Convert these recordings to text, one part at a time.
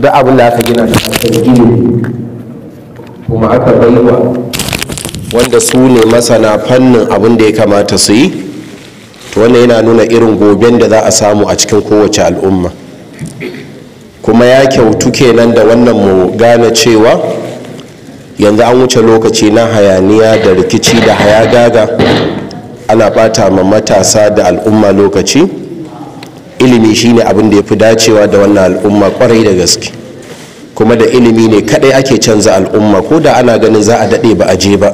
da abin da aka gina da kuma aka baiwa wanda su ne masana fannin abin da ya kamata su yi to wannan yana nuna irin goben da za a samu a cikin kowace al'umma kuma ya kyautu kenan da wannan mu gane cewa yanzu an wuce lokaci na hayaniya da rikici da hayagaga ana bata ma matasa da al'umma lokaci ilimi shine abin da ya fi dacewa da wannan al'umma kwarai da gaske kuma da ilimi ne kadai ake canza al'umma ko da ana ganin za a daɗe ba a je ba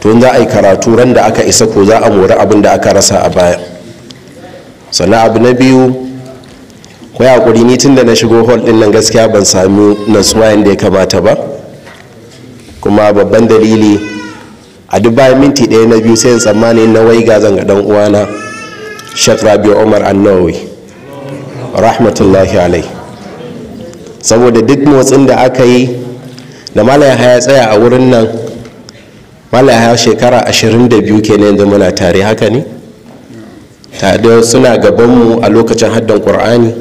to za a yi karatu ran da aka isa ko za a mori abin da aka rasa a baya sannan abu na biyu kwaya hakuri ni tun da na shigo hall din nan gaskiya ban sami natsuwa yadda ya kamata ba kuma babban dalili a duk bayan minti ɗaya na biyu sai in tsammani na waiga zan ga dan uwana shek rabi umar annawi rahmatullahi alai saboda duk motsin da aka yi da malaya haya tsaya a wurin nan malaya haya shekara 22 kenan da muna tare haka ne tare suna gabanmu a lokacin haddan ƙur'ani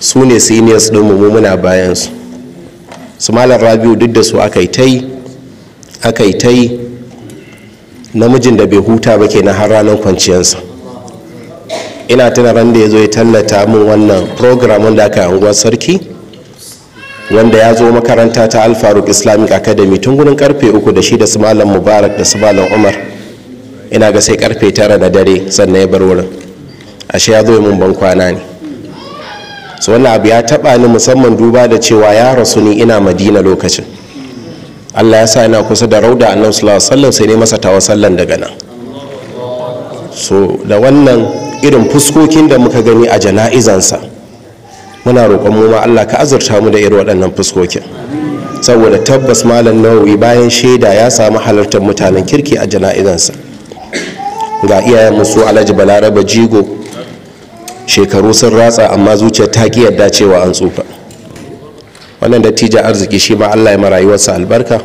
su ne seniors ɗinmu mu muna bayansu su malar rabiu duk da su aka yi ta yi aka yi ta yi namijin da bai huta ba kenan har ranar kwanciyarsa ina tuna ran da ya zo ya tallata min wannan program wanda aka a sarki wanda ya zo makaranta ta alfaruk islamic academy tun gudun karfe uku da shi da su malam mubarak da su malam umar ina ga sai karfe tara na dare sannan ya bar wurin ashe ya zo ya mun ban kwana ne so wannan abu ya taba ni musamman duba da cewa ya rasu ni ina madina lokacin allah ya sa ina kusa da rauda annabi sallallahu alaihi wasallam sai ne masa tawassallan daga nan so da wannan irin fuskokin da muka gani a jana'izansa muna roƙon mu ma Allah ka azurta mu da irin waɗannan fuskokin saboda tabbas malam nawawi bayan shaida ya samu halartar mutanen kirki a jana'izansa ga iyayen musu alhaji balaraba jigo shekaru sun ratsa amma zuciyar ta ki yadda cewa an tsufa wannan dattijan arziki shi ma Allah ya rayuwarsa albarka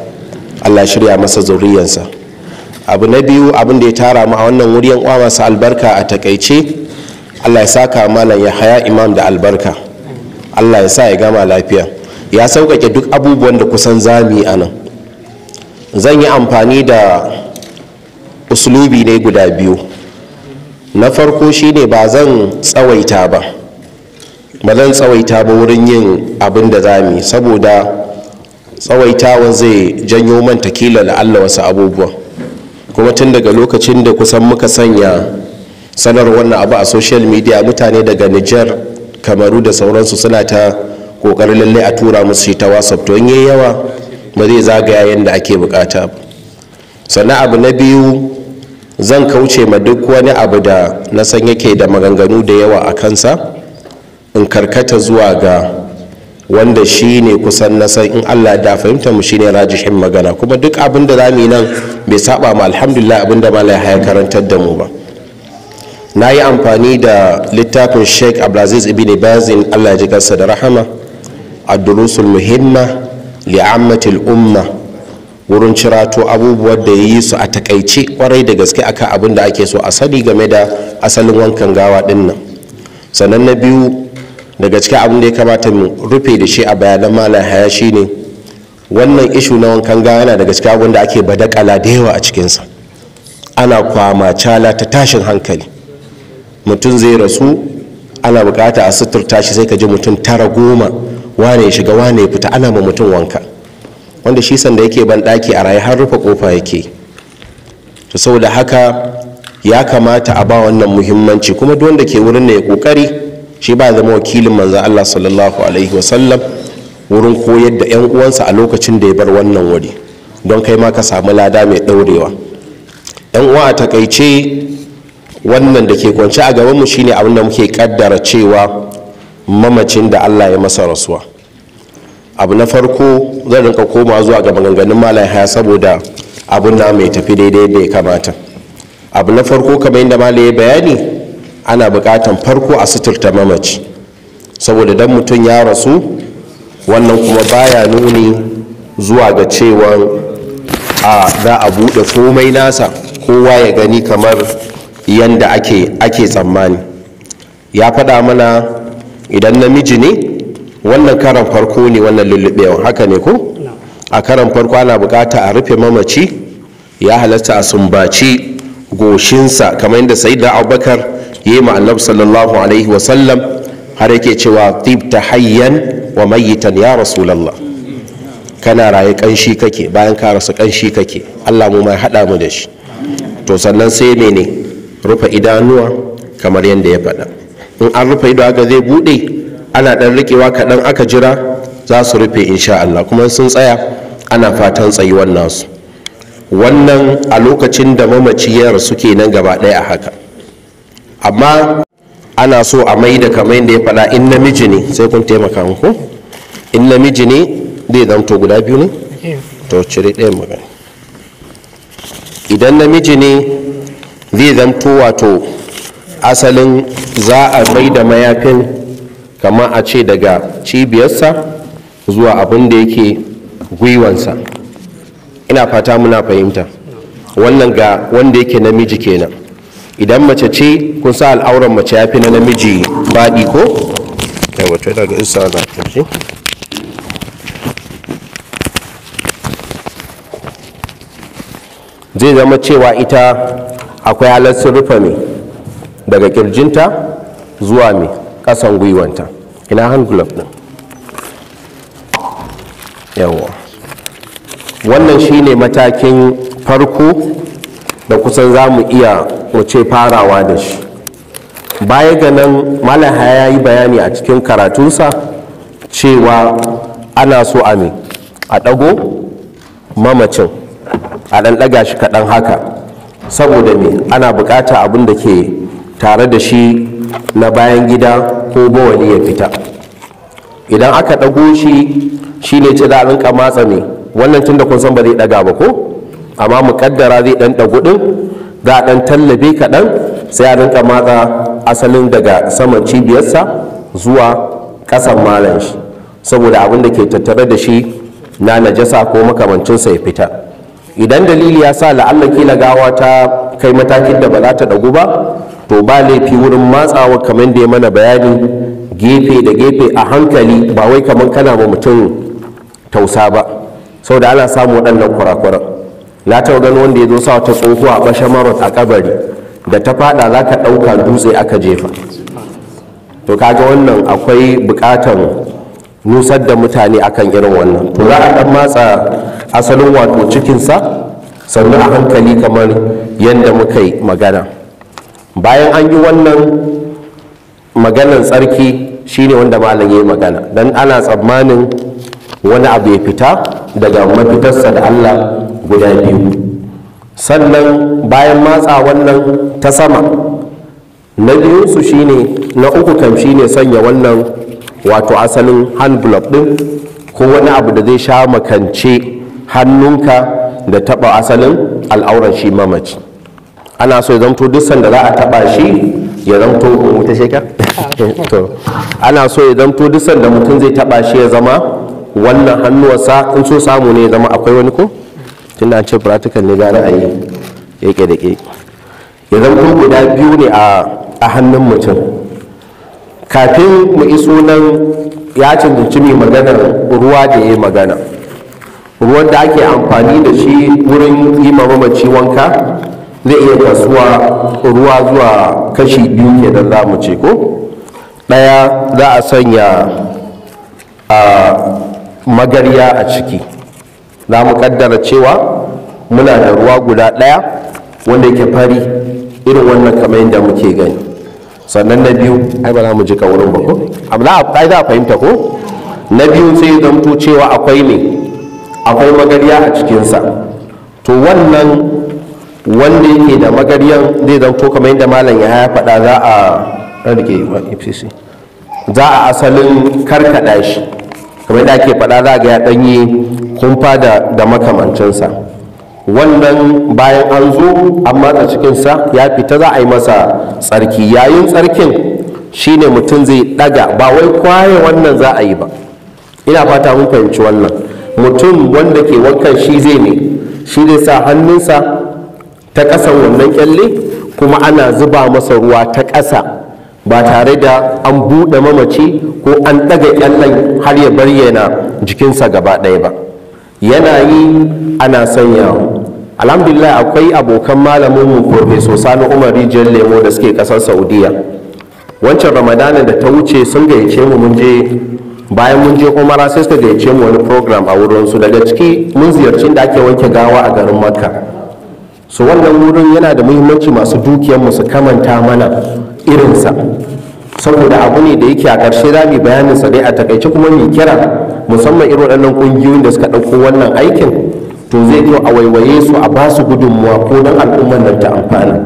Allah shirya masa zuriyarsa abu na biyu abin da ya tara mu a wannan wuriyan uwa masu albarka a takaice allah ya saka malam ya haya imam da albarka allah ya sa ya gama lafiya ya sauƙaƙe duk abubuwan da kusan zami a nan zan yi amfani da uslubi ne guda biyu na farko shine ba zan tsawaita ba ba zan tsawaita ba wurin yin abin da zami saboda tsawaitawa zai janyo man takila la'alla wasu abubuwan kuma tun daga lokacin da kusan muka sanya sanar wannan abu a social media mutane daga niger kamaru da sauransu suna ta kokarin lallai a tura musu shi ta whatsapp to in yawa ba zai zagaya yadda ake bukata sannan abu na biyu zan kauce ma duk wani abu da na san yake da maganganu da yawa a kansa in karkata zuwa ga wanda shi ne kusan nasan in allah da fahimta mu shine rajihin magana kuma duk abin da za mu yi nan bai saba ma alhamdulillah abin da malai haya karantar da mu ba na yi amfani da littafin sheik abdulaziz ibn bazin allah ya ji kansa da rahama adurusul muhimma li'ammatil umma wurin cirato abubuwan da ya yi su a takaice kwarai da gaske akan abin da ake so a sani game da asalin wankan gawa dinnan sannan na biyu daga cikin abin da ya kamata mu rufe da shi a bayanan malam haya shine wannan ishu na wankan gawa yana daga cikin abin da ake badakala da yawa a cikinsa ana kwama cala ta tashin hankali mutum zai rasu ana bukata a suturta shi sai ka ji mutum tara goma wane ya shiga wane ya fita ana ma mutum wanka wanda shi sanda yake ban daki a raye har rufe kofa yake to saboda haka ya kamata a ba wannan muhimmanci kuma duk wanda ke wurin ne ya kokari shi ba zama wakilin manzan Allah sallallahu alaihi wasallam wurin koyar da 'yan uwansa a lokacin da ya bar wannan wuri don kai ma ka samu lada mai ɗaurewa 'yan uwa a takaice wannan da ke kwance a gaban mu shine abin da muke kaddara cewa mamacin da Allah ya masa rasuwa abu na farko zan rinka koma zuwa ga maganganun malam haya saboda abin na mai tafi daidai da ya kamata abu na farko kamar yadda malam ya bayani ana bukatan farko a suturta mamaci saboda dan mutum ya rasu wannan kuma baya nuni zuwa ga cewa a za a buɗe komai nasa kowa ya gani kamar yanda ake ake tsammani ya faɗa mana idan namiji ne wannan karan farko ne wannan lullubewa haka ne ko a karan farko ana bukata a rufe mamaci ya halatta a sumbaci goshinsa kamar yadda sai da abubakar yi ma sallallahu alaihi wasallam har yake cewa tibta hayyan wa mayitan ya rasulallah kana raye kanshi kake bayan ka rasu kanshi kake allah mu mai haɗa mu da shi to sannan sai ne rufe idanuwa kamar yadda ya faɗa in an rufe ido ga zai buɗe ana ɗan rikewa kaɗan aka jira za su rufe insha allah kuma sun tsaya ana fatan tsayuwan nasu wannan a lokacin da mamaci ya rasu kenan gaba ɗaya a haka amma ana so a mai da kamar yadda ya faɗa in namiji ne sai kun taimaka muku in namiji ne zai zamto guda biyu ne to cire ɗaya magana idan namiji ne zai zamto wato asalin za a mai da mayafin kama a ce daga cibiyarsa zuwa abin da yake gwiwansa ina fata muna fahimta wannan ga wanda yake namiji kenan idan mace ce kun sa al'auran mace ya fi na namiji faɗi ko daga isa na zai zama cewa ita akwai halarsun rufe mai daga ƙirjinta zuwa mai ƙasan gwiwanta ina hand glove ɗin yawa wannan shine matakin farko da kusan za mu iya mu ce farawa da shi baya ga nan malaha ya yi bayani a cikin karatunsa cewa ana so a a ɗago mamacin a ɗan ɗaga shi kaɗan haka saboda me ana buƙata abin da ke tare da shi na bayan gida ko bawali ya fita idan aka ɗago shi ne ce da rinka matsa ne wannan tun da kun san ba zai ɗaga ba ko amma muƙaddara zai ɗanɗa kuɗin din za a ɗan tallabe kaɗan sai a rinka matsa asalin daga saman cibiyarsa zuwa ƙasan malan shi saboda abin da ke tattare da shi na najasa ko makamancinsa ya fita idan dalili ya sa la'alla kila gawa ta kai matakin da ba za ta ɗagu ba to ba laifi wurin matsawa kamar da ya mana bayani gefe da gefe a hankali ba wai kamar kana ba mutum tausa ba sau da ana samu waɗannan kurakuran za ta ganin wanda ya zo sa wata tsohuwa a ɓashe marot a kabari da ta fada za ka ɗauka dutse aka jefa to kaga wannan akwai buƙatar nusar da mutane akan irin wannan to za a ɗan matsa asalin wato cikinsa sannan a hankali kamar yadda muka yi magana bayan an yi wannan maganar tsarki shine wanda malam ya yi magana don ana tsammanin wani abu ya fita daga mafitarsa da allah guda biyu sannan bayan matsa wannan ta sama na biyunsu shine na uku kam shine sanya wannan wato asalin hand block din ko wani abu da zai sha makance hannunka da taba asalin al'auran shi mamaci ana so ya zamto duk sanda za a taba shi ya zamto wuta sheka to ana so ya zamto duk sanda mutum zai taba shi ya zama wannan hannuwarsa in so samu ne ya zama akwai wani ko tunda an ce practical ne gane a yi keke da keke ya guda biyu ne a hannun mutum kafin mu iso nan ya cancanci mai magana, ruwa da ya yi magana ruwan da ake amfani da shi wurin yi mamaci wanka zai iya kasuwa ruwa zuwa kashi biyu kenan za mu ce ko ɗaya za a sanya a magarya a ciki za mu kaddara cewa muna da ruwa guda ɗaya wanda yake fari irin wannan kamar yadda muke gani sannan na biyu ai ba za mu jika wurin ba ko amma za a fahimta ko na biyu sai ya zamto cewa akwai ne akwai magarya a cikinsa to wannan wanda yake da magariyan zai zamto kamar yadda malam ya haya faɗa za a rike za a asalin karkada shi kamar yadda ake faɗa za a ga ya ɗanye kumfa da makamancinsa wannan bayan an zo an matsa cikinsa ya fita za a yi masa tsarki yayin tsarkin shine mutum zai daga ba wai kwaye wannan za a yi ba ina fata mun fahimci wannan mutum wanda ke wankan shi zai ne shi zai sa hannunsa ta ƙasan wannan kyalle kuma ana zuba masa ruwa ta ƙasa ba tare da an buɗe mamaci ko an ɗaga kyallen har ya bayyana jikinsa gaba ɗaya ba yana yi ana sanya. alhamdulillah akwai abokan malamin mu profeso sani umar rijiyar lemo da suke kasar saudiya wancan ramadana da ta wuce sun gayyace mu mun je bayan mun je umara sai suka gayyace mu wani program a wurinsu daga ciki mun ziyarci da ake wanke gawa a garin makka su wannan wurin yana da muhimmanci masu mu su kamanta mana irinsa saboda abu ne da yake a ƙarshe za mu bayanin sa dai a takaice kuma mai kira musamman irin waɗannan ƙungiyoyin da suka ɗauko wannan aikin to zai zo a waiwaye su a basu gudunmuwa ko don al'ummar nan ta amfana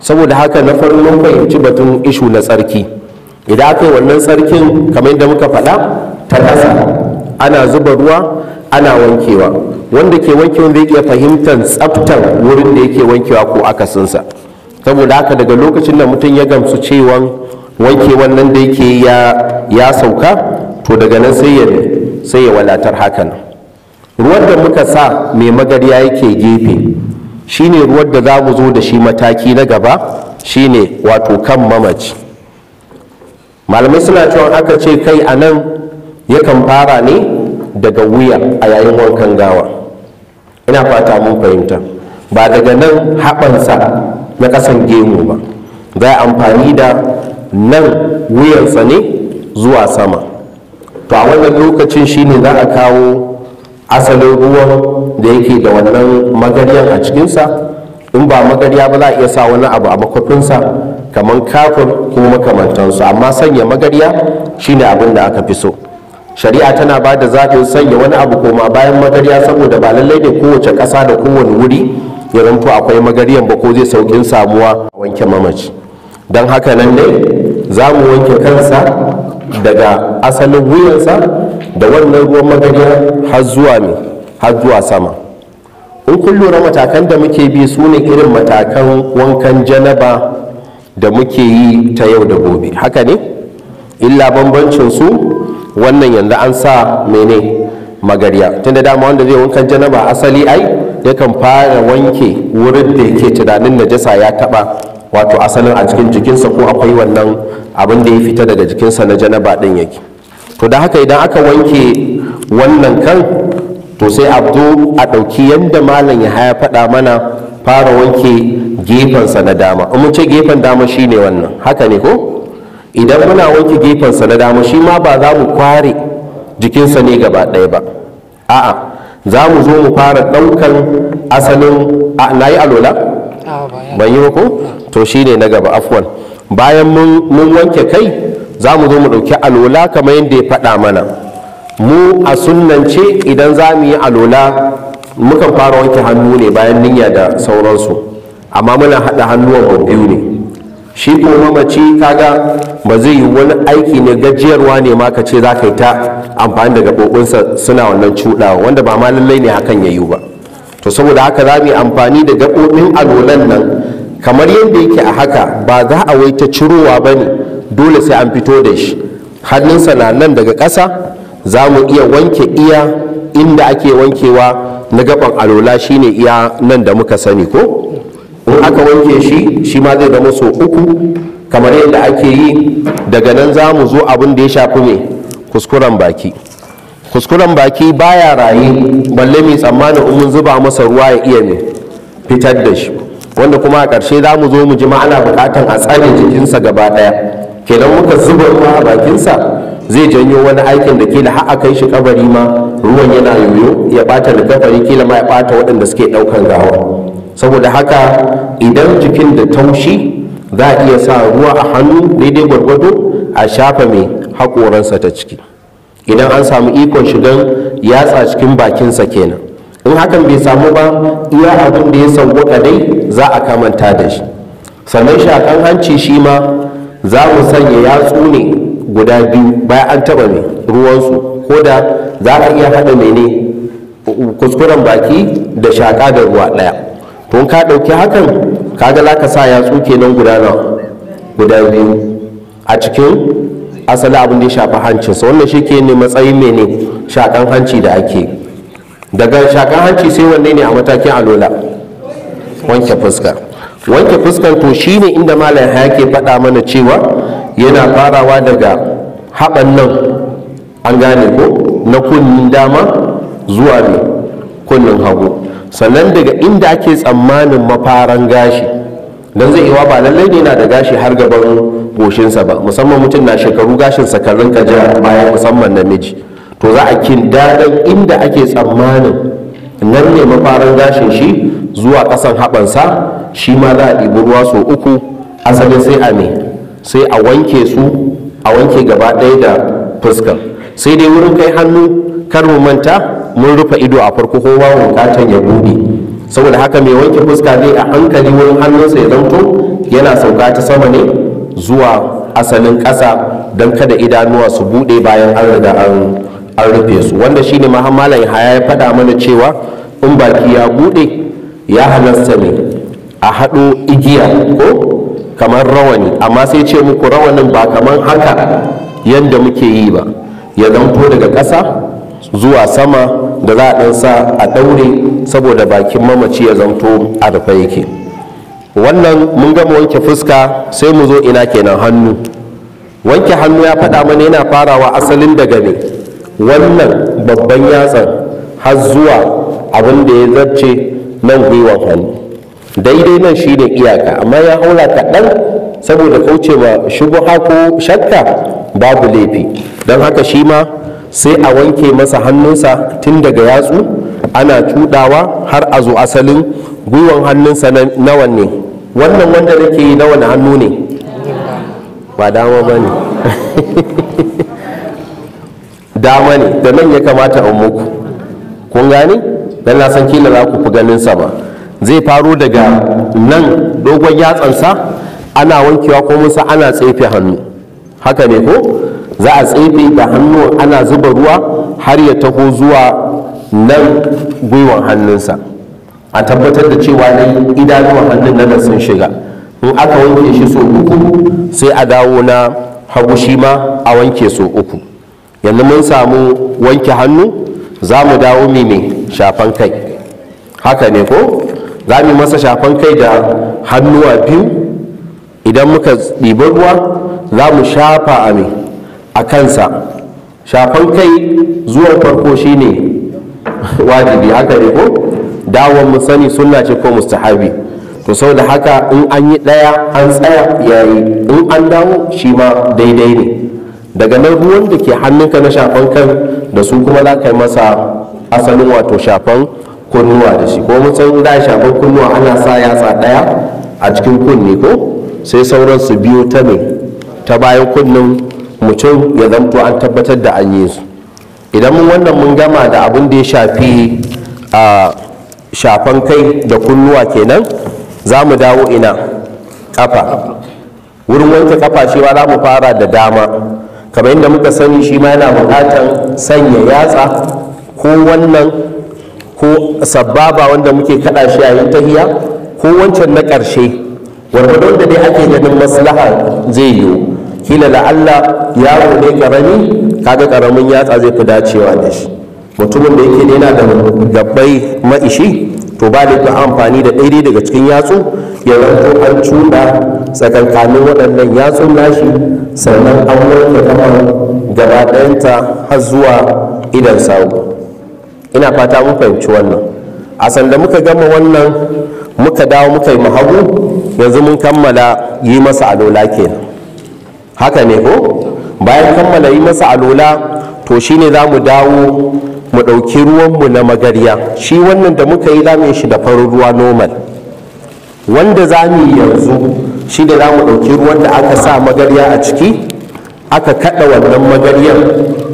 saboda haka na farin mun fahimci batun ishu na tsarki idan aka yi wannan tsarkin kamar yadda muka faɗa ta ƙasa ana zuba ruwa ana wankewa wanda ke wankewa zai iya fahimtar tsaftar wurin da yake wankewa ko akasinsa saboda haka daga lokacin da mutum ya gamsu cewa wanke wannan da yake ya sauka to daga nan sai ya sai ya walatar hakan ruwan da muka sa mai magarya yake gefe shine ruwan da za mu zo da shi mataki na gaba shine wato kan mamaci malamai suna cewa aka ce kai a nan yakan fara ne daga wuya a yayin wankan gawa ina fata mun fahimta ba daga nan haɓansa na ƙasan gemu ba za amfani da nan wuyansa ne zuwa sama to a wannan lokacin shine za a kawo asalin ruwan da yake da wannan magaryan a cikinsa in ba magarya ba za a iya sa wani abu a makwafinsa kamar kafin ko makamantansu amma sanya magarya shine abin da aka fi so shari'a tana ba da zaɓin sanya wani abu koma bayan magarya saboda ba lallai ne kowace ƙasa da kowane wuri ya rantu akwai magaryan ba ko zai saukin samuwa a wanke mamaci don haka nan ne za mu wanke kansa daga asalin wuyansa da wannan ruwan magariya har zuwa ne har zuwa sama in kun lura matakan da muke bi su ne irin matakan wankan janaba da muke yi ta yau da gobe haka ne illa bambancin su wannan yanzu an sa mene magariya tunda dama wanda zai wankan janaba asali ai yakan fara wanke wurin da yake tunanin najasa ya taba wato asalin a cikin jikinsa ko akwai wannan abin da ya fita daga jikinsa na janaba din yake to da haka idan aka wanke wannan kan to sai abdu a ɗauki yadda malam ya haya faɗa mana fara wanke gefensa na dama in mun ce gefen dama shi ne wannan haka ne ko idan muna wanke gefensa na dama shi ma ba za mu kware jikinsa ne gaba ɗaya ba a'a za mu zo mu fara ɗaukan asalin na yi alola ban yi ko to shine na gaba afwan bayan mun wanke kai za mu zo mu ɗauki alola kamar yadda ya faɗa mana mu a sunnance idan za mu yi alola mukan fara wanke hannu ne bayan niyya da sauransu amma muna haɗa hannuwan biyu ne shi kuma mamaci kaga ba zai yi wani aiki ne gajiyarwa ne ma ka ce za ka yi ta amfani da gaɓoɓinsa suna wannan cuɗawa wanda ba ma lallai ne hakan ya yi ba to saboda haka za mu yi amfani da gaɓoɓin alolan nan kamar yadda yake a haka ba za a wai ta cirowa ba ne dole sai an fito da shi hannunsa na nan daga ƙasa za mu iya wanke iya inda ake wankewa na gaban alola shine iya nan da muka sani ko in aka wanke shi shi ma zai zama so uku kamar yadda ake yi daga nan za mu zo abin da ya shafi mai kuskuren baki kuskuren baki baya raye balle mai tsammanin in mun zuba masa ruwa ya iya mai fitar da shi wanda kuma a ƙarshe za mu zo mu ji ma'ana buƙatan a tsare jikinsa gaba ɗaya kenan muka zuba ruwa a bakinsa zai janyo wani aikin da kila har a kai shi kabari ma ruwan yana yoyo ya ɓata likafari kila ma ya ɓata waɗanda suke ɗaukan gawa saboda haka idan jikin da taushi za a iya sa ruwa a hannu daidai gwargwado a shafa mai haƙoransa ta ciki idan an samu ikon shigan yatsa cikin bakinsa kenan in hakan bai samu ba iya abin da ya sauko dai za a kamanta da shi sannan shakan hanci shi ma za mu sanya yatsu ne guda biyu bayan an taba mai ruwansu ko da za a iya haɗa ne kuskuren baki da shaka da ruwa ɗaya to ka ɗauki hakan kaga za ka sa yatsu kenan guda guda biyu a cikin asali abin da ya shafi sa wannan shi ke ne matsayin ne shakan hanci da ake daga shakan hanci sai wanne ne a matakin alola wanke fuska wanke fuskar to shine inda malam ke faɗa mana cewa yana farawa daga haɓan nan an gane ko na kunnin dama zuwa ne kunnin hagu sannan daga inda ake tsammanin mafaran gashi don zai iwa ba lallai ne na da gashi har gaban goshinsa ba musamman mutum na shekaru gashin sakarrin kaja bayan musamman namiji to za a kin daɗin inda ake tsammanin nan ne mafarin gashin shi zuwa ƙasan haɓansa shi ma za a ɗibi ruwa sau uku asalin sai a me sai a wanke su a wanke gaba ɗaya da fuskar sai dai wurin kai hannu kar mu manta mun rufe ido a farko ko ba bukatan ya buɗe saboda haka mai wanke fuska zai a hankali wurin hannunsa ya zanto yana sauka ta sama ne zuwa asalin ƙasa don kada idanuwa su buɗe bayan an riga an an rufe su wanda shine mahammalan haya ya faɗa mana cewa in baki ya buɗe ya halasta ne a haɗo igiya ko kamar rawani amma sai ce muku rawanin ba kamar haka yadda muke yi ba ya zanto daga ƙasa zuwa sama da za a ɗan sa a ɗaure saboda bakin mamaci ya zanto a rufe yake wannan mun gama wanke fuska sai mu zo ina kenan hannu wanke hannu ya faɗa mana yana farawa asalin daga ne wannan babban yatsan har zuwa abin da ya zarce nan gwiwa hannu daidai nan shi ne iyaka amma ya haura kaɗan saboda kauce ma shubuha ko shakka babu laifi don haka shi ma sai a wanke masa hannunsa tun daga yatsu ana cuɗawa har a zo asalin gwiwan hannunsa nawa wanne wannan wanda nake yi na wani hannu ne ba dama ba ne dama ne da nan ya kamata a muku kun gani dan na san kila za ku fi ganin sa ba zai faro daga nan dogon yatsan sa ana wankewa ko musa ana tsefe hannu haka ne ko za a tsefe da hannu ana zuba ruwa har ya taho zuwa nan gwiwan hannunsa a tabbatar da cewa nan idanuwan hannun nan sun shiga in aka wanke shi so uku sai a dawo na hagu shi ma a wanke so uku yanzu mun samu wanke hannu za mu dawo mimi shafan kai haka ne ko za mu masa shafan kai da hannuwa biyu idan muka ɗibar ruwa za mu shafa a mai a kansa shafan kai zuwan farko shi ne wajibi haka ne ko dawon mu sani sunna ce ko mustahabi to saboda haka in an yi ɗaya an tsaya yayi in an dawo shi ma daidai ne daga nan ruwan da ke hannunka na shafan kan da su kuma za ka yi masa asalin wato shafan kunnuwa da shi ko mutum da shafan kunnuwa ana sa yatsa ɗaya a cikin kunne, ko sai sauran su biyo ta ne, ta bayan kunnin mutum ya zanto an tabbatar da an yi su idan mun wannan mun gama da abin da ya shafi a shafan kai da kunnuwa kenan za mu dawo ina kafa wurin wanke kafa shi ba za mu fara da dama kamar yadda muka sani shi ma yana buƙatar sanya yatsa ko wannan ko sababa wanda muke kaɗa shi a yin tahiya ko wancan na ƙarshe wanda da dai ake ganin maslaha zai yiwu kila la'alla yaro ne karami kaga karamin yatsa zai fi dacewa da shi mutumin da yake yana da gabbai maishi to ba da amfani da ɗaya daga cikin yatsu ya zanto an cuɗa tsakankanin waɗannan yatsun nashi sannan an wanke kamar gaba ɗayanta har zuwa idan sawu ina fata mun fahimci wannan a sanda muka gama wannan muka dawo muka yi mahagu yanzu mun kammala yi masa alola kenan haka ne ko bayan kammala yi masa alola to shine za mu dawo mu ɗauki ruwanmu na magarya shi wannan da muka yi za yi shi da farin ruwa normal wanda za mu yi yanzu shi da za mu ɗauki ruwan da aka sa magarya a ciki aka kaɗa wannan magaryar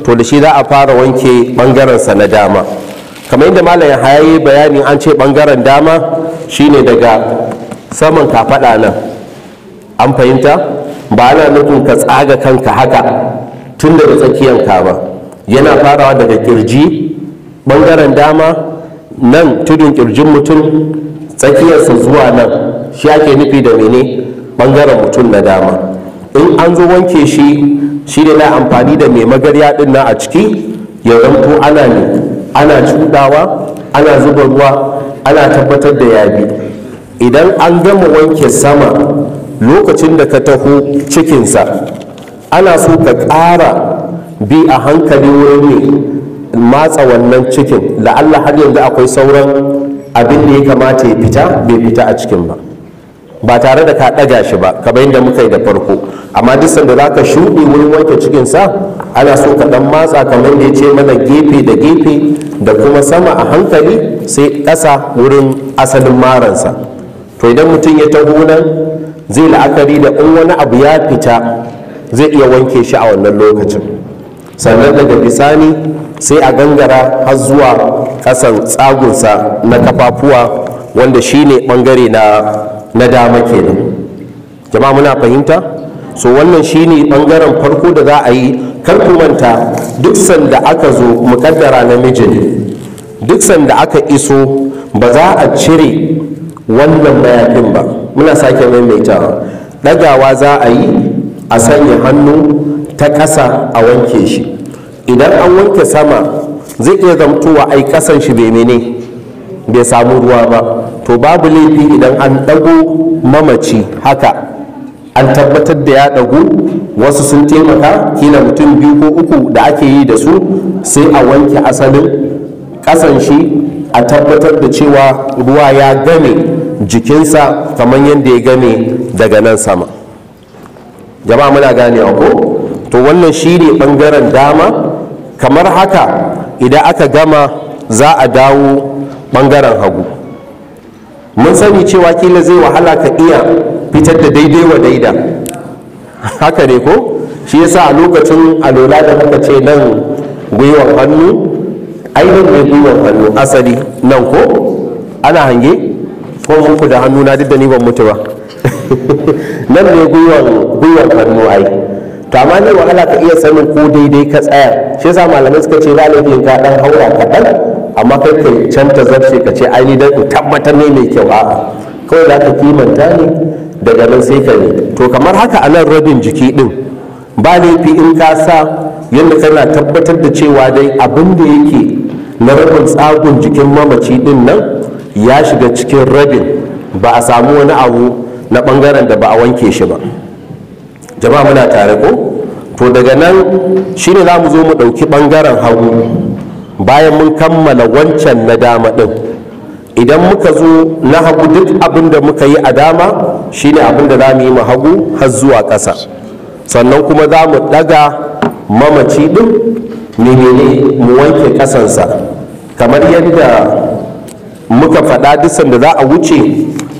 to da shi za a fara wanke ɓangarensa na dama kamar yadda malayin hayayi bayani an ce ɓangaren dama shine daga saman kafaɗa nan an fahimta ba ana nufin ka tsaga kanka haka tun daga tsakiyanka ba yana farawa daga kirji ɓangaren dama nan tudun kirjin mutum tsakiyarsa zuwa nan shi ake nufi da mene bangaren mutum na dama in an zo wanke shi shi ne na amfani da mai magarya din na a ciki ya ana ne ana cudawa ana zuba ruwa ana tabbatar da yabi idan an gama wanke sama lokacin da ka taho cikinsa ana so ka ƙara bi a hankali wurin ne matsa wannan cikin la'alla har yanzu akwai sauran abin da ya kamata ya fita bai fita a cikin ba ba tare da ka ɗaga shi ba kamar da muka yi da farko amma duk sanda za ka shuɗe wurin wanke cikinsa ana so ka ɗan matsa kamar da ya ce mana gefe da gefe da kuma sama a hankali sai ƙasa wurin asalin maransa to idan mutum ya taho nan zai la'akari da in wani abu ya fita zai iya wanke shi a wannan lokacin sannan daga bisani sai a gangara har zuwa ƙasan tsagunsa na kafafuwa wanda shine bangare na na dama kenan jama'a muna fahimta so wannan shine bangaren farko da za a yi kar ku manta duk sanda aka zo mukaddara namiji duk sanda aka iso ba za a cire wannan mayafin ba muna sake maimaitawa ɗagawa za a yi a sanya hannu ta ƙasa a wanke shi idan an wanke sama zai iya zamtowa ai ƙasan shi bai mene bai samu ruwa ba to babu laifi idan an ɗago mamaci haka an tabbatar da ya ɗagu wasu sun taimaka kila mutum biyu ko uku da ake yi da su sai a wanke asalin ƙasan shi a tabbatar da cewa ruwa ya gane jikinsa kamar yadda ya gane daga nan sama jama'a muna gane ko to wannan shi ne ɓangaren dama kamar haka idan aka gama za a dawo ɓangaren hagu mun sani cewa kila zai wahala ka iya fitar da daidai wa daida haka ne ko shi yasa a lokacin alola da muka ce nan gwiwar hannu ainihin ne gwiwar hannu asali nan ko ana hange ko muku da hannu na duk da ni ban mutu ba nan ne gwiwar hannu ai to amma ne wahala ka iya sanin ko daidai ka tsaya shi yasa malamai suka ce lalibin ka dan haura kaɗan amma kai ka canta zarce ka ce ai dan in tabbatar ne mai kyau a'a kawai za ka kimanta ne daga nan sai ka ne to kamar haka a nan rabin jiki din ba laifi in ka sa yadda kana tabbatar da cewa dai abin da yake na rabin tsagun jikin mamaci din nan ya shiga cikin rabin ba a samu wani abu na bangaren da ba a wanke shi ba jama'a muna tare ko to daga nan shine za mu zo mu ɗauki bangaren hagu bayan mun kammala wancan na dama ɗin idan muka zo na hagu duk abin da muka yi a dama shine abin da za mu yi mu hagu har zuwa ƙasa sannan kuma za mu ɗaga mamaci ɗin menene mu wanke ƙasansa kamar yadda muka faɗa dusan da za a wuce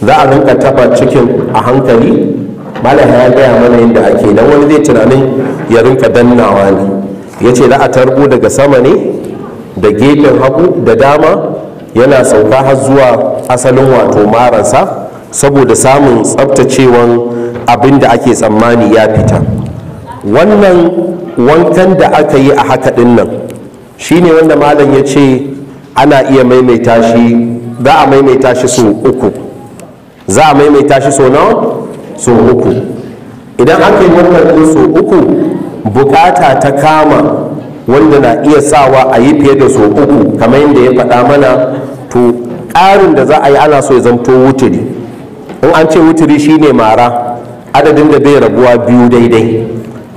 za a rinka taɓa cikin a hankali malam ya gaya mana yadda ake dan wani zai tunanin ya rinka dannawa ne ya ce za a tarbo daga sama ne da gefen hagu da dama yana sauka har zuwa asalin wato marasa saboda samun tsabtacewan abin da ake tsammani ya fita wannan wankan da aka yi a haka ɗin nan shine wanda malam ya ce ana iya maimaita shi za a maimaita shi so uku za a maimaita shi so nawa so uku idan aka yi wankan ɗin so uku bukata ta kama wanda na iya sawa a yi fiye da so uku kamar yadda ya faɗa mana to ƙarin da za a yi ana so ya zamto wuturi in an ce wuturi shine mara adadin da bai rabuwa biyu daidai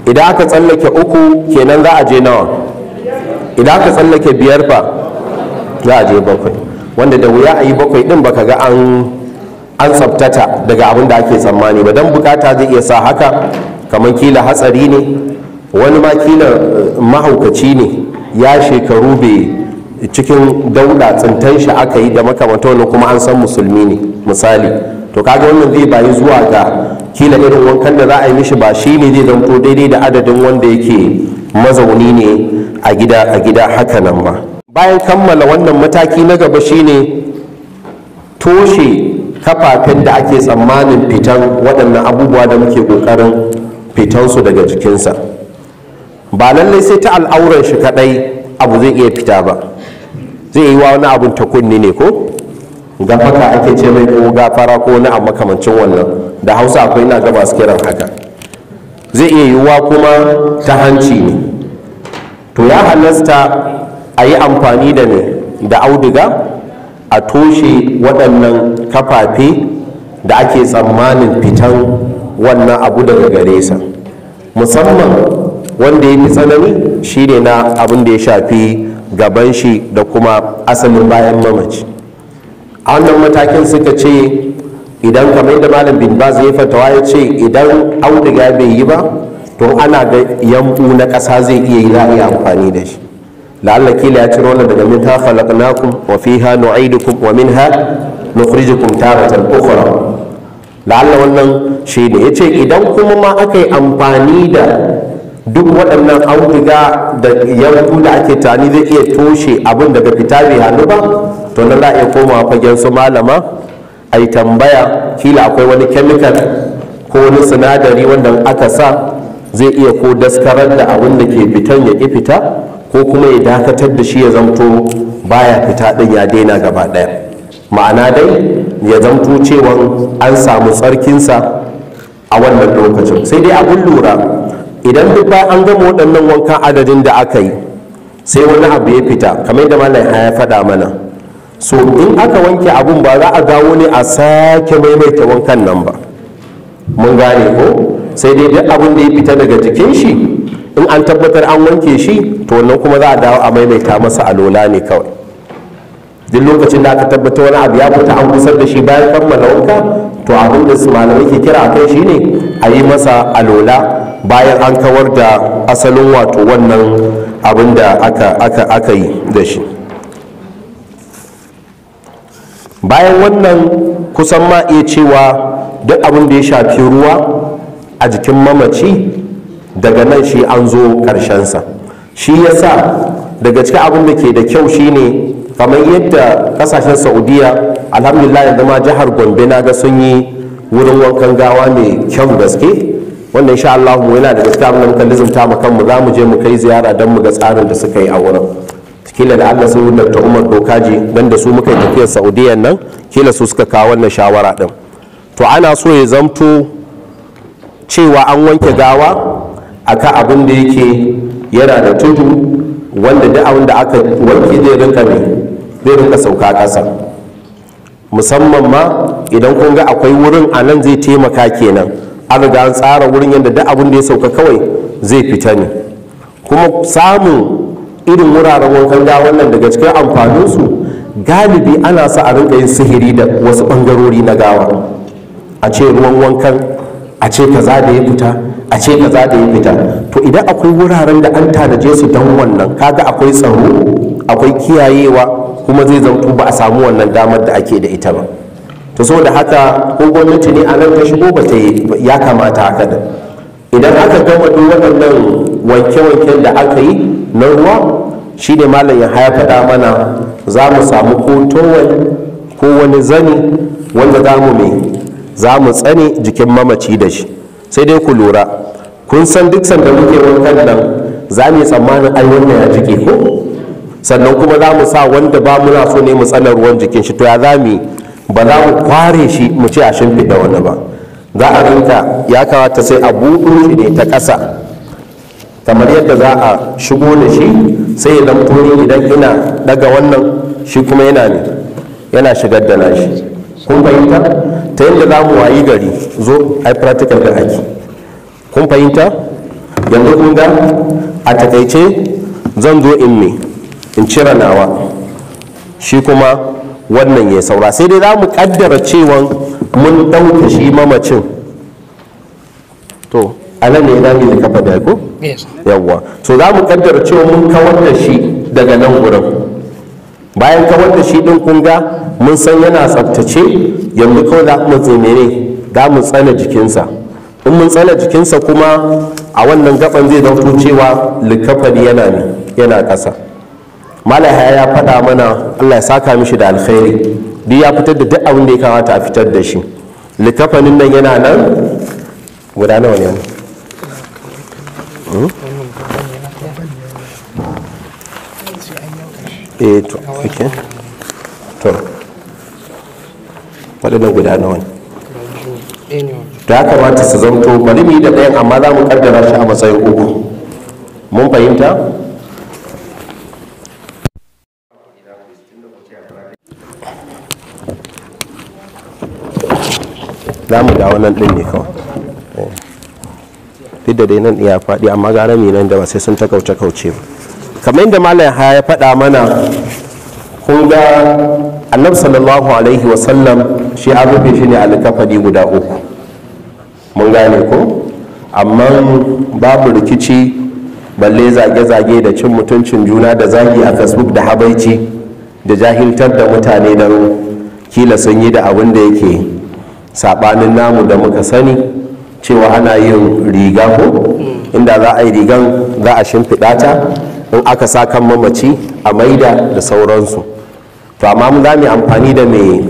idan aka tsallake uku kenan za a je nawa idan aka tsallake biyar fa za a je bakwai wanda da wuya a yi bakwai din baka ga an an tsabtata daga abin da ake tsammani ba don bukata zai iya sa haka kamar kila hatsari ne wani ma eh, mahaukaci ne ya shekaru bai cikin dauɗa tsintan shi aka yi da makamanta wannan kuma an san musulmi ne misali to kaga wannan zai bayi zuwa ga kila irin wankan da za a yi mishi ba shi ne zai zanto daidai da adadin wanda yake mazauni ne a gida a gida haka nan ba bayan kammala wannan mataki na gaba shine toshe kafafen da ake tsammanin fitan waɗannan abubuwa da muke kokarin ƙoƙarin su daga jikinsa ba lallai sai ta al'auran shi kadai abu zai iya fita ba zai yi wa wani abun ta kunni ne ko ga haka ake ce mai ko gafara ko wani abu makamancin wannan da hausa akwai ina ga masu kiran haka zai iya yiwuwa kuma ta hanci ne to ya halasta a yi amfani da ne da auduga a toshe waɗannan kafafe da ake tsammanin fitan wannan abu daga gare sa musamman wanda ya fi tsanani shine na abin da ya shafi gaban shi da kuma asalin bayan mamaci a wannan matakin suka ce idan kamar da malam bin baz ya fatawa ya ce idan auduga bai yi ba to ana ga yambu na ƙasa zai iya yi za'a yi amfani da shi la'alla kila ya ciro wannan daga minha khalaqnakum wa fiha nu'idukum wa minha nukhrijukum taratan ukhra la'alla wannan shi ne yace idan kuma ma aka yi amfani da duk waɗannan auduga da yanku da ake tani zai iya toshe abin daga fita mai hannu ba to na za a iya komawa fagen su malama a yi tambaya kila akwai wani kemikal ko wani sinadari wanda aka sa zai iya ko daskarar da abin da ke fitan ya ƙi fita ko kuma ya dakatar da shi ya zamto baya fita ɗin ya daina gaba ɗaya ma'ana dai ya zamto cewa an samu tsarkinsa a wannan lokacin sai dai abin lura idan duk bayan an gama waɗannan wankan adadin da aka yi sai wani abu ya fita kamar da malam ya faɗa mana so in aka wanke abun ba za a dawo ne a sake maimaita wankan nan ba mun gane ko sai dai duk abun da ya fita daga jikin shi in an tabbatar an wanke shi to wannan kuma za a dawo a maimaita masa alola ne kawai duk lokacin da aka tabbatar wani abu ya fita an kusar da shi bayan kammala wanka to abin da su malamai ke kira a kai ne, a yi masa alola bayan an kawar da asalin wato wannan abin da aka yi da shi bayan wannan kusan ma iya cewa duk abin da ya shafi ruwa a jikin mamaci daga nan shi an zo ƙarshensa shi ya sa daga cikin abin da ke da kyau shine kamar yadda kasashen saudiya alhamdulillah ya zama jihar gombe na ga sun yi wurin wankan gawa mai kyau gaske wanda insha Allah mu yana da gaskiya mun kan mu kanmu za mu je mu kai ziyara dan mu ga tsarin da suka yi a wurin kila da Allah sai Dr. Umar Dokaji dan da su muka yi tafiyar saudiya nan kila su suka kawo wannan shawara din to ana so ya zamto cewa an wanke gawa akan abin da yake yana da tudu wanda duk abin da aka wanke zai rinka mai zai rinka sauka ƙasa musamman ma idan kun ga akwai wurin a nan zai taimaka kenan an riga an tsara wurin yadda duk abin da ya sauka kawai zai fita ne kuma samun irin wuraren wankan gawa wannan daga cikin amfaninsu galibi ana sa a rinka yin sihiri da wasu bangarori na gawa a ce ruwan wankan a ce kaza da ya fita a ce kaza da ya fita to idan akwai wuraren da an tanaje su don wannan kaga akwai tsaro akwai kiyayewa kuma zai zanto ba a samu wannan damar da ake da ita ba to da haka ko gwamnati ne a nan ta shigo ba ta yi ya kamata haka da idan aka gama duk waɗannan wanke-wanken da aka yi na ruwa shi ne malam ya haya faɗa mana za mu samu kotowar ko wani zani wanda za mu mai za mu tsane jikin mamaci da shi sai dai ku lura kun san duk sanda muke wankan nan za mu yi tsammanin ai wannan ya jike ko sannan kuma za mu sa wanda ba muna so ne mu tsana ruwan jikin shi to ya za mu ba za mu kware shi mu ce a shimfiɗa wani ba za a rinka ya kamata sai a buɗu shi ne ta ƙasa kamar yadda za a shigo da shi sai ya ni idan ina daga wannan shi kuma yana ne yana shigar da nashi kun fahimta ta yadda za mu wayi gari zo a practical da aiki kun fahimta yanzu kun ga a takaice zan zo in me in cire nawa shi kuma wannan ya saura sai dai za mu kaddara cewa mun ɗauka shi mamacin to anan ne za kafa da ko yawwa so za mu kaddara cewa mun kawar da shi daga nan wurin bayan kawar da shi din kun ga mun san yana tsaftace yanzu kawai za mu tsimere za mu tsana jikinsa in mun tsana jikinsa kuma a wannan gaban zai dauko cewa likafari yana ne yana ƙasa malaha ya faɗa mana allah ya saka mishi da alkhairi duk ya fitar da duk abin da ya kamata a fitar da shi likafanin nan yana nan guda nawa ne hmm? eh to okay waɗannan guda nawa ne to ya kamata su zanto bari mu yi da ɗayan amma za mu kaddara shi a matsayin uku mun fahimta za mu dawo nan din ne kawai eh. duk da dai nan ya faɗi amma gara mai nan da ba sai sun ta kauce kauce ba kamar yadda malam ya faɗa mana kun ga annabi sallallahu alaihi wa sallam shi an rufe shi ne alkafari guda uku mun gane ko amma babu rikici balle zage-zage da cin mutuncin juna da zagi a facebook da habaici da jahiltar da mutane da kila sun yi da abin da yake saɓanin namu da muka sani cewa ana yin riga ko inda za a yi rigan za a shimfiɗa ta in aka sa kan mamaci a maida da sauransu to amma mu za mu amfani da mai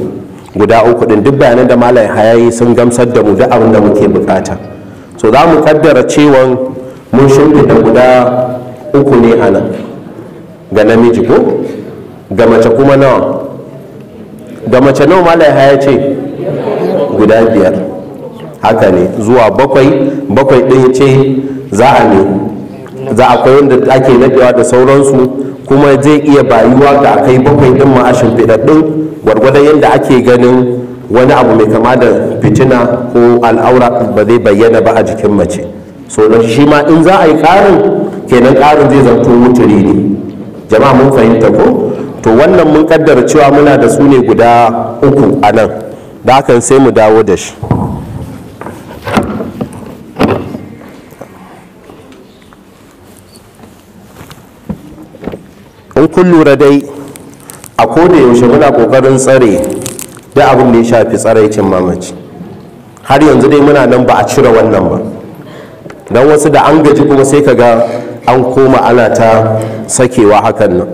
guda uku din duk bayanan da malayin hayayi sun gamsar da mu da abin da muke bukata so za mu kaddara cewa mun shimfiɗa guda uku ne a nan ga namiji ko ga mace kuma nawa ga mace nawa malayin haya ce guda biyar haka ne zuwa bakwai bakwai ɗin ce za a ne za akwai wanda ake nadewa da sauransu kuma zai iya bayuwa da aka kai bakwai ɗin ma'ashin a shimfiɗaɗɗun gwargwadon yadda ake ganin wani abu mai kama da fitina ko al'aura ba zai bayyana ba a jikin mace so na shi ma in za a yi ƙarin kenan ƙarin zai zanto wuturi ne jama'a mun fahimta ko to wannan mun kaddara cewa muna da su ne guda uku a nan da hakan sai mu dawo da shi in kun lura dai a koda yaushe muna kokarin tsare da abin da ya shafi tsaraicin mamaci har yanzu dai muna nan ba a cire wannan ba don wasu da an gaji kuma sai kaga an koma ana ta sakewa hakan nan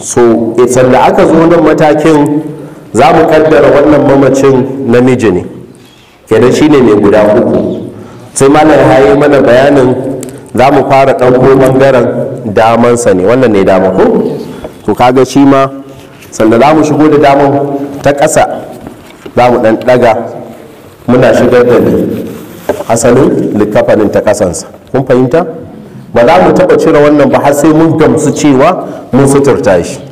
so idan da aka zo nan matakin za mu kaddara wannan mamacin namiji ne kenan ne mai guda uku sai malam ya haye mana bayanin za mu fara ɗauko ɓangaren damansa ne wannan ne dama ko to kaga shi ma sanda za mu shigo da daman ta ƙasa za mu ɗan ɗaga muna shigar da asalin likafanin ta ƙasansa kun fahimta ba za mu taɓa cire wannan ba har sai mun gamsu cewa mun suturta shi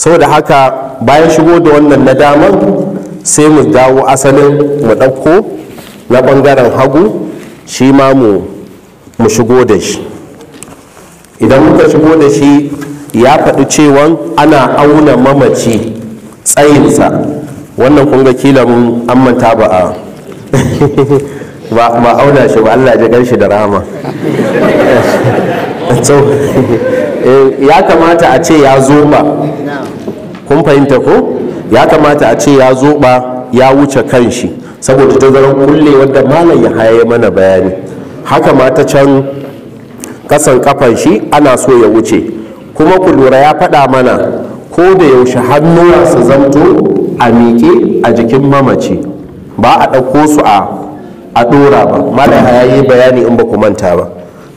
sau da haka bayan shigo da wannan na daman sai mu dawo asalin mu ɗauko na ɓangaren hagu shi ma mu shigo da shi idan muka shigo da shi ya faɗi cewan ana auna mamaci tsayinsa wannan kunga kila mun manta ba a ba auna shi ba allah shi da rama Eh, ya kamata a ce ya ba kun fahimta ko ya kamata a ce ya zoba ya wuce kan shi saboda tazaran kulle wadda malam ya haye mana bayani haka ma ta can kasan kafan shi ana so ya wuce kuma ku lura ya faɗa mana ko da yaushe hannuwa su zamto a miƙe a jikin mamaci ba a ɗauko su a ɗora ba malam ya yi bayani in ba ku manta ba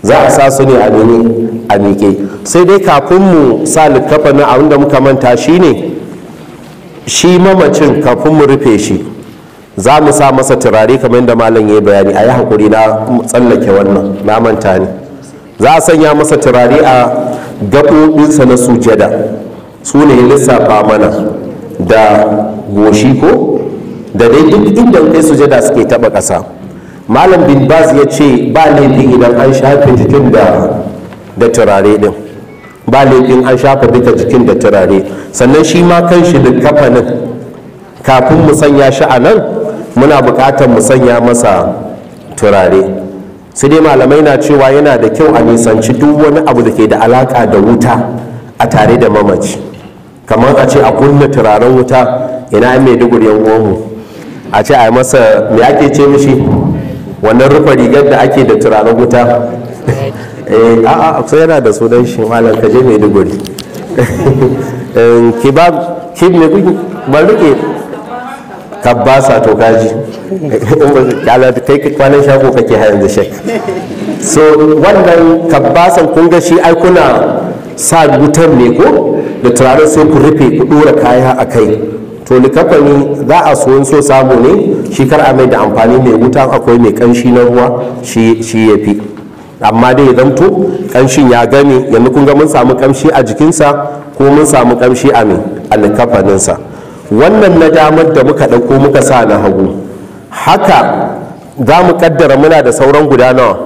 za a sa su ne a mene a miƙe sai dai kafin mu sa littafa na abin da muka manta shi ne shi mamacin kafin mu rufe shi za mu sa masa turare kamar yadda malam ya bayani a yi hakuri na tsallake wannan na manta ne za a sanya masa turare a gaɓoɓinsa na sujada su ne lissafa mana da goshi ko da dai duk inda kai sujada suke taɓa ƙasa malam bin baz ya ce ba laifin idan an shafe jikin da turare din ba laifin an shafa duka jikin da turare sannan shi ma kan shi da kafanin kafin mu sanya shi a nan muna buƙatar mu sanya masa turare Su dai malamai na cewa yana da kyau a nisanci duk wani abu da ke da alaka da wuta a tare da mamaci kamar a ce a kunna turaren wuta ina mai dugur yan a ce a masa me ake ce mishi wannan rufe rigar da ake da turaren wuta eh, eh a'a akwai yana da sunan shi malam kaje mai duguri kibab eh, kib ne kuke ban rike tabbasa to kaji take kwanan shago kake hayan da shek so wannan tabbasan kun ga shi ai kuna sa wutar ne ko da turaren sai ku rufe ku dora kaya a kai to likafani za a so so samu ne shi kar a mai da amfani mai wuta akwai mai kanshi na ruwa shi ya fi amma dai zan to kanshin ya gani yanzu kun ga mun samu kamshi a jikinsa ko mun samu kamshi a mai a likafaninsa wannan na damar da muka ɗauko muka sa na hagu haka za mu kaddara muna da sauran guda nawa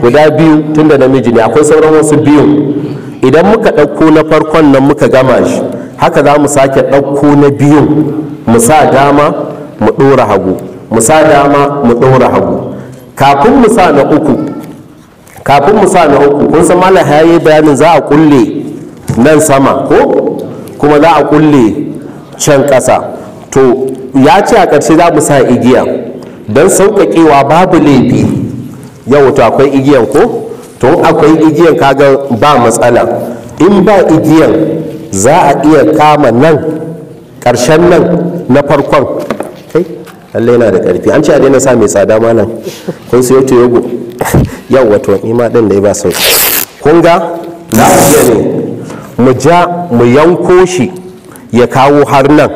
guda biyu tunda namiji ne akwai sauran wasu biyu idan muka ɗauko na farkon nan muka gama shi haka za mu sake ɗauko na biyun mu sa dama mu ɗora hagu mu sa dama mu ɗora hagu kafin mu sa na uku kafin mu sa na uku kun san malam ya yi bayanin za a kulle nan sama ko kuma za a kulle can ƙasa to ya ce a ƙarshe za mu sa igiya don sauƙaƙewa babu laifi yau to akwai igiyan ko to akwai igiyan kaga ba matsala in ba igiyan za a iya kama nan ƙarshen nan na farkon kai lallai yana da ƙarfi an ce a daina sa mai tsada ma nan kun siyo to yago yau wato ima ɗin da ya ba sau kun ga na a ne mu ja mu yanko shi ya kawo har nan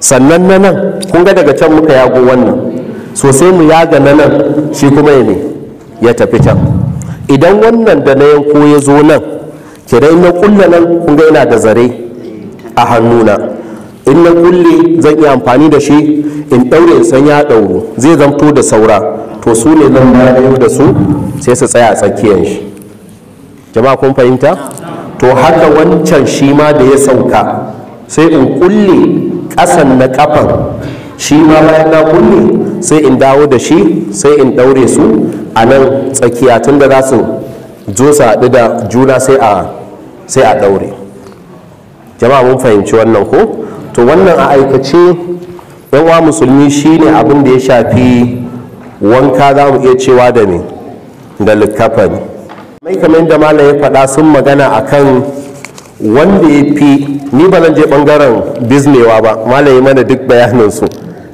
sannan na nan kun ga daga can muka yago wannan sosai mu yaga na nan shi kuma ya ne ya tafi can idan wannan da na yanko ya zo nan kenan in na kulle nan kun ga yana da zare a hannuna in na kulle zan iya amfani da shi in ɗaure in san ya ɗauro zai zamto da saura to su ne zan yau da su sai su tsaya a tsakiyar shi jama'a kun fahimta to haka wancan shi ma da ya sauka sai in kulle ƙasan na kafan shi ma bayan na kulle sai in dawo da shi sai in ɗaure su a nan tsakiya tun da za su zo su haɗu da juna sai a ɗaure jama'a mun fahimci wannan ko to wannan a aikace yan wa musulmi shine abin da ya shafi wanka za mu iya cewa da me da likkafani mai kamar da malam ya faɗa sun magana akan wanda ya fi ni ba zan je ɓangaren biznewa ba malam ya mana duk bayanin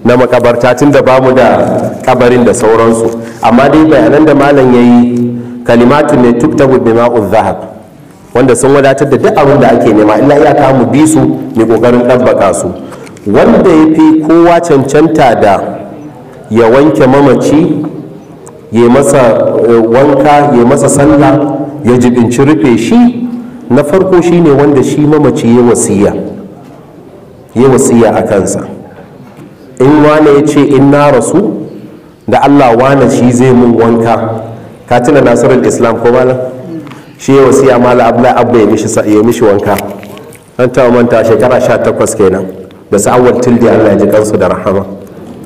na makabarta tun da bamu da kabarin da sauransu amma dai bayanan da malam ya yi kalimatun ne tuktabu bi ma'uz zahab wanda sun wadatar da duk abin da ake nema illa iyaka mu bi su ne kokarin ɗabbaka su wanda ya fi kowa cancanta da ya wanke mamaci ya masa eh, wanka ya masa sallah ya jibinci rufe shi na farko shi ne wanda shi mamaci ya wasiya ya wasiya a kansa in wane ya ce in na rasu da allah wane shi zai mun wanka ka tuna nasarar islam ko malam shi ya wasiya mala abla abba ya mishi ya mishi wanka an ta manta shekara 18 kenan da sa'awar tildi Allah ya ji kansu da rahama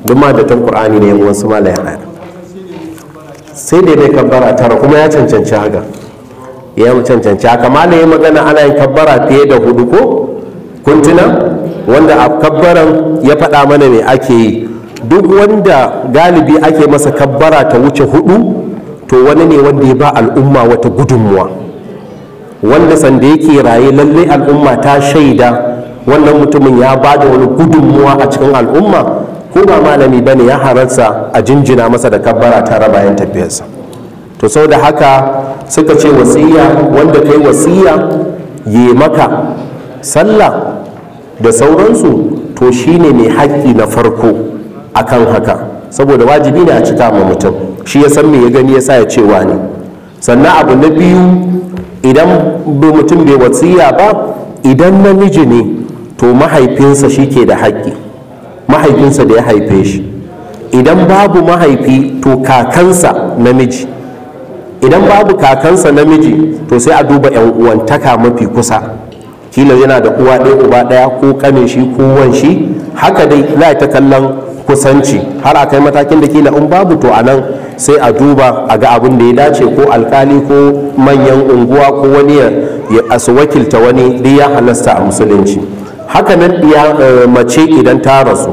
duk ma da tan qur'ani ne wasu mala ya hada sai dai dai kabbara tara kuma ya cancanci haka ya cancanci haka mala ya magana ana yin kabbara fiye da hudu ko kuntuna wanda a kabbaran ya faɗa mana me ake yi duk wanda galibi ake masa kabbara ta wuce hudu to wani ne wanda ya ba al'umma wata gudunmuwa wanda sanda yake raye lallai al'umma ta shaida wannan mutumin ya ba da wani gudunmuwa a cikin al'umma ko ba malami ba ne ya haransa a jinjina masa da kabbara tare bayan tafiyarsa to sau da haka suka ce wasiya wanda kai wasiya yi maka sallah da sauransu to shine mai haƙƙi na farko akan haka saboda wajibi ne a cika ma mutum shi ya san me ya gani ya sa ya ce wani sannan abu na biyu idan mutum bai wasiya ba idan namiji ne to mahaifinsa shi ke da haƙƙi mahaifinsa da ya haife shi idan babu mahaifi to kakansa namiji idan babu kakansa namiji to sai a duba 'yan uwantaka mafi kusa kila yana da uwa ɗaya uba ɗaya ko ƙanin shi ko wan shi haka dai za ta kallon kusanci har a kai matakin da kila in babu to a nan sai a duba a ga abin da ya dace ko alkali ko manyan unguwa ko wani ya su wakilta wani duk ya halasta a musulunci haka nan ya eh, mace idan ta rasu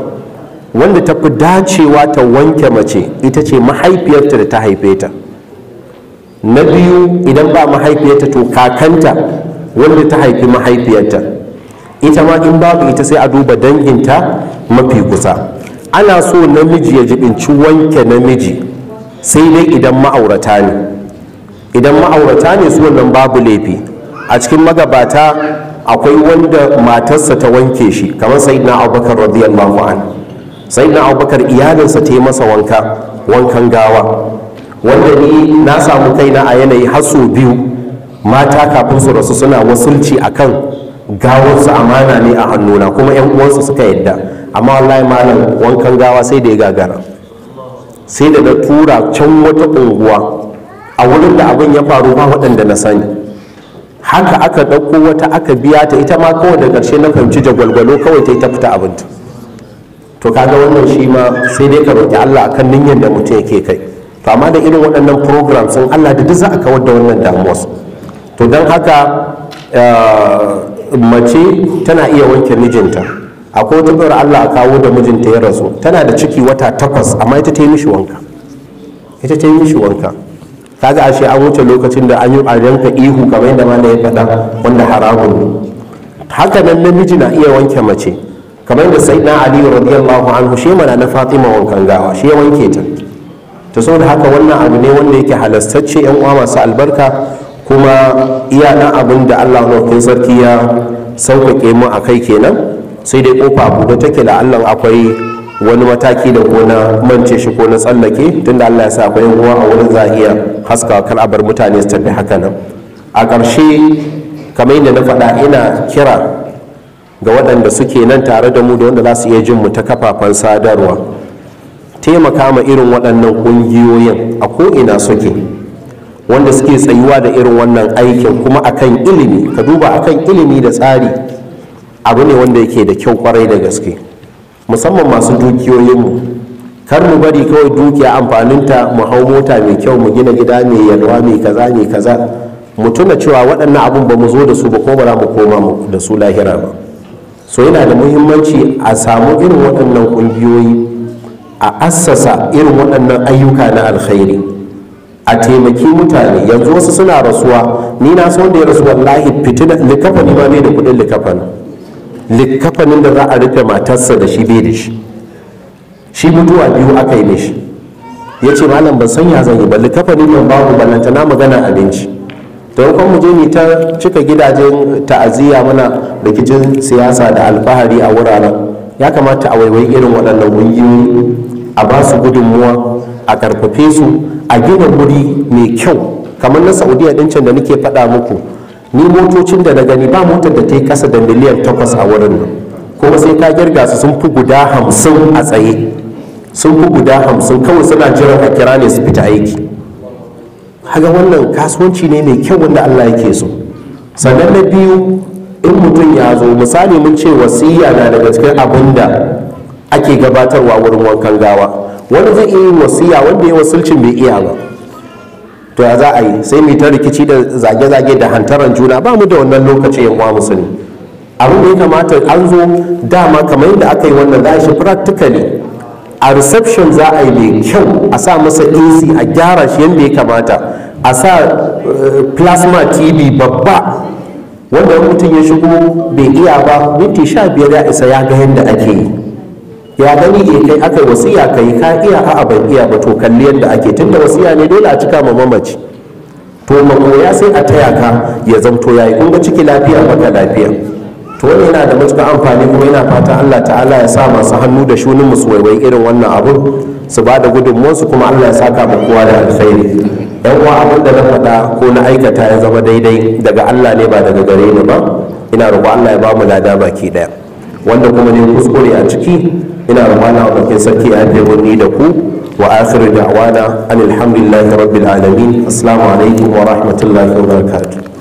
wanda ta fi dacewa ta wanke mace ita ce mahaifiyarta da ta haife ta na biyu idan ba mahaifiyarta to kakanta wanda ta haifi mahaifiyarta ita ma in babu ita sai a duba danginta mafi kusa ana so namiji ya jibinci wanke namiji sai dai idan ma'aurata ne idan ma'aurata ne su wannan babu laifi a cikin magabata akwai wanda matarsa ta wanke shi kamar sayyidina abubakar radiyallahu an sayyidina abubakar iyalinsa ta yi masa wanka wankan gawa wanda ni na samu kaina a yanayi har biyu mata kafin su rasu suna wasulci akan gawarsu amana ne a hannuna kuma yan uwansu suka yadda amma wallahi malam wankan gawa sai da ya gagara sai da na tura can wata unguwa a wurin da abin ya faru ba waɗanda na sani haka aka ɗauko wata aka biya ta ita ma kawai da ƙarshe na fahimci jagwalgwalo kawai ta yi ta fita ta, to kaga wannan shi ma sai dai ka roƙi allah akan niyyar da mutum yake kai to amma da irin waɗannan programs sun allah da duk za a kawar da wannan damuwa to don haka eh, mace tana iya wanke mijinta akwai wata bayar Allah a kawo da mijinta ya rasu tana da ciki wata takwas amma ita ta yi mishi wanka ita ta yi mishi wanka kaga ashe an wuce lokacin da an yi ka ihu kamar yadda mana ya faɗa wanda haramun haka nan namiji na iya wanke mace kamar yadda sai na ali radiyallahu anhu shi mana na fatima wankan gawa shi ya wanke ta so saboda haka wannan abu ne wanda yake halastacce yan uwa masu albarka kuma iya ɗan abin da allah maɗaukin sarki ya sauƙaƙe mu a kai kenan sai dai ƙofa buɗe take da allah akwai wani mataki da ko na mance shi ko na tsallake tunda allah ya sa akwai ruwa a wurin zahiya haska a mutane su tafi haka nan a ƙarshe kamar yadda na faɗa ina kira ga waɗanda suke nan tare da mu da wanda za su iya jin mu ta kafafen sadarwa taimaka ma irin waɗannan ƙungiyoyin a ko ina suke wanda suke tsayuwa da irin wannan aikin kuma akan ilimi ka duba akan ilimi da tsari abu ne wanda yake da kyau kwarai da gaske musamman masu dukiyoyinmu kar mu bari kawai dukiya amfaninta mu hau mota mai kyau mu gina gida mai yalwa mai kaza mai kaza mu tuna cewa waɗannan abun ba mu zo da su ba ko ba za mu koma da su lahira ba so yana da muhimmanci a samu irin waɗannan ƙungiyoyi a assasa irin waɗannan ayyuka na alkhairi a taimaki mutane yanzu wasu suna rasuwa ni na so da ya rasu wallahi fitina likafani ma ne da kudin likafani likafanin da za a rufe matarsa da shi bai da shi shi mutuwa biyu aka yi mishi ya ce malam ban san ya zan yi ba likafanin nan babu ballanta na magana abinci don kuma mu je ta cika gidajen ta'aziyya muna rikicin siyasa da alfahari a wuraren ya kamata a waiwai irin waɗannan ƙungiyoyi a ba su gudunmuwa a karfafe su a gina wuri mai kyau kamar na saudiya din can da nake faɗa muku ni motocin da na gani ba motar da ta yi kasa da miliyan takwas a wurin nan kuma sai ka girga su sun fi guda hamsin a tsaye sun fi guda hamsin kawai suna jiran a kira ne su fita aiki haga wannan kasuwanci ne mai kyau wanda allah yake so sannan na biyu in mutum ya zo misali mun ce wasiya na daga cikin abin da ake gabatarwa wurin wankan gawa wani zai iya wasiya wanda ya wasulcin bai iya ba to ya za a yi sai mai ta rikici da zage-zage da hantaran juna ba mu da wannan lokaci yan uwa musulmi abin da ya kamata an zo dama kamar yadda aka yi wannan za a shi practically a reception za a yi mai kyau a sa masa ac a gyara shi yadda ya kamata a sa eh, plasma tv babba wanda mutum ya shigo bai iya ba minti sha biyar ya isa ya ga yadda ake yi ya gani ya kai aka wasiya kai ka iya a'a ban iya ba to kalli yadda ake da wasiya ne dole a cika ma mamaci to makoya sai a taya ka ya zamto yayi kun ba ciki lafiya maka lafiya to wani yana da matuƙar amfani kuma yana fata Allah ta'ala ya sa masu hannu da shunin musu waiwai irin wannan abun su ba da su, kuma Allah ya saka ma kowa da alkhairi yan uwa abin da na faɗa ko na aikata ya zama daidai daga Allah ne ba daga gare ni ba ina roƙo Allah ya ba mu lada baki ɗaya wanda kuma ne kuskure a ciki ina roƙon a ɗaukin sarki ya ni da ku wa akhiru da'wana alhamdulillahi rabbil alamin assalamu alaikum wa rahmatullahi wa barakatuh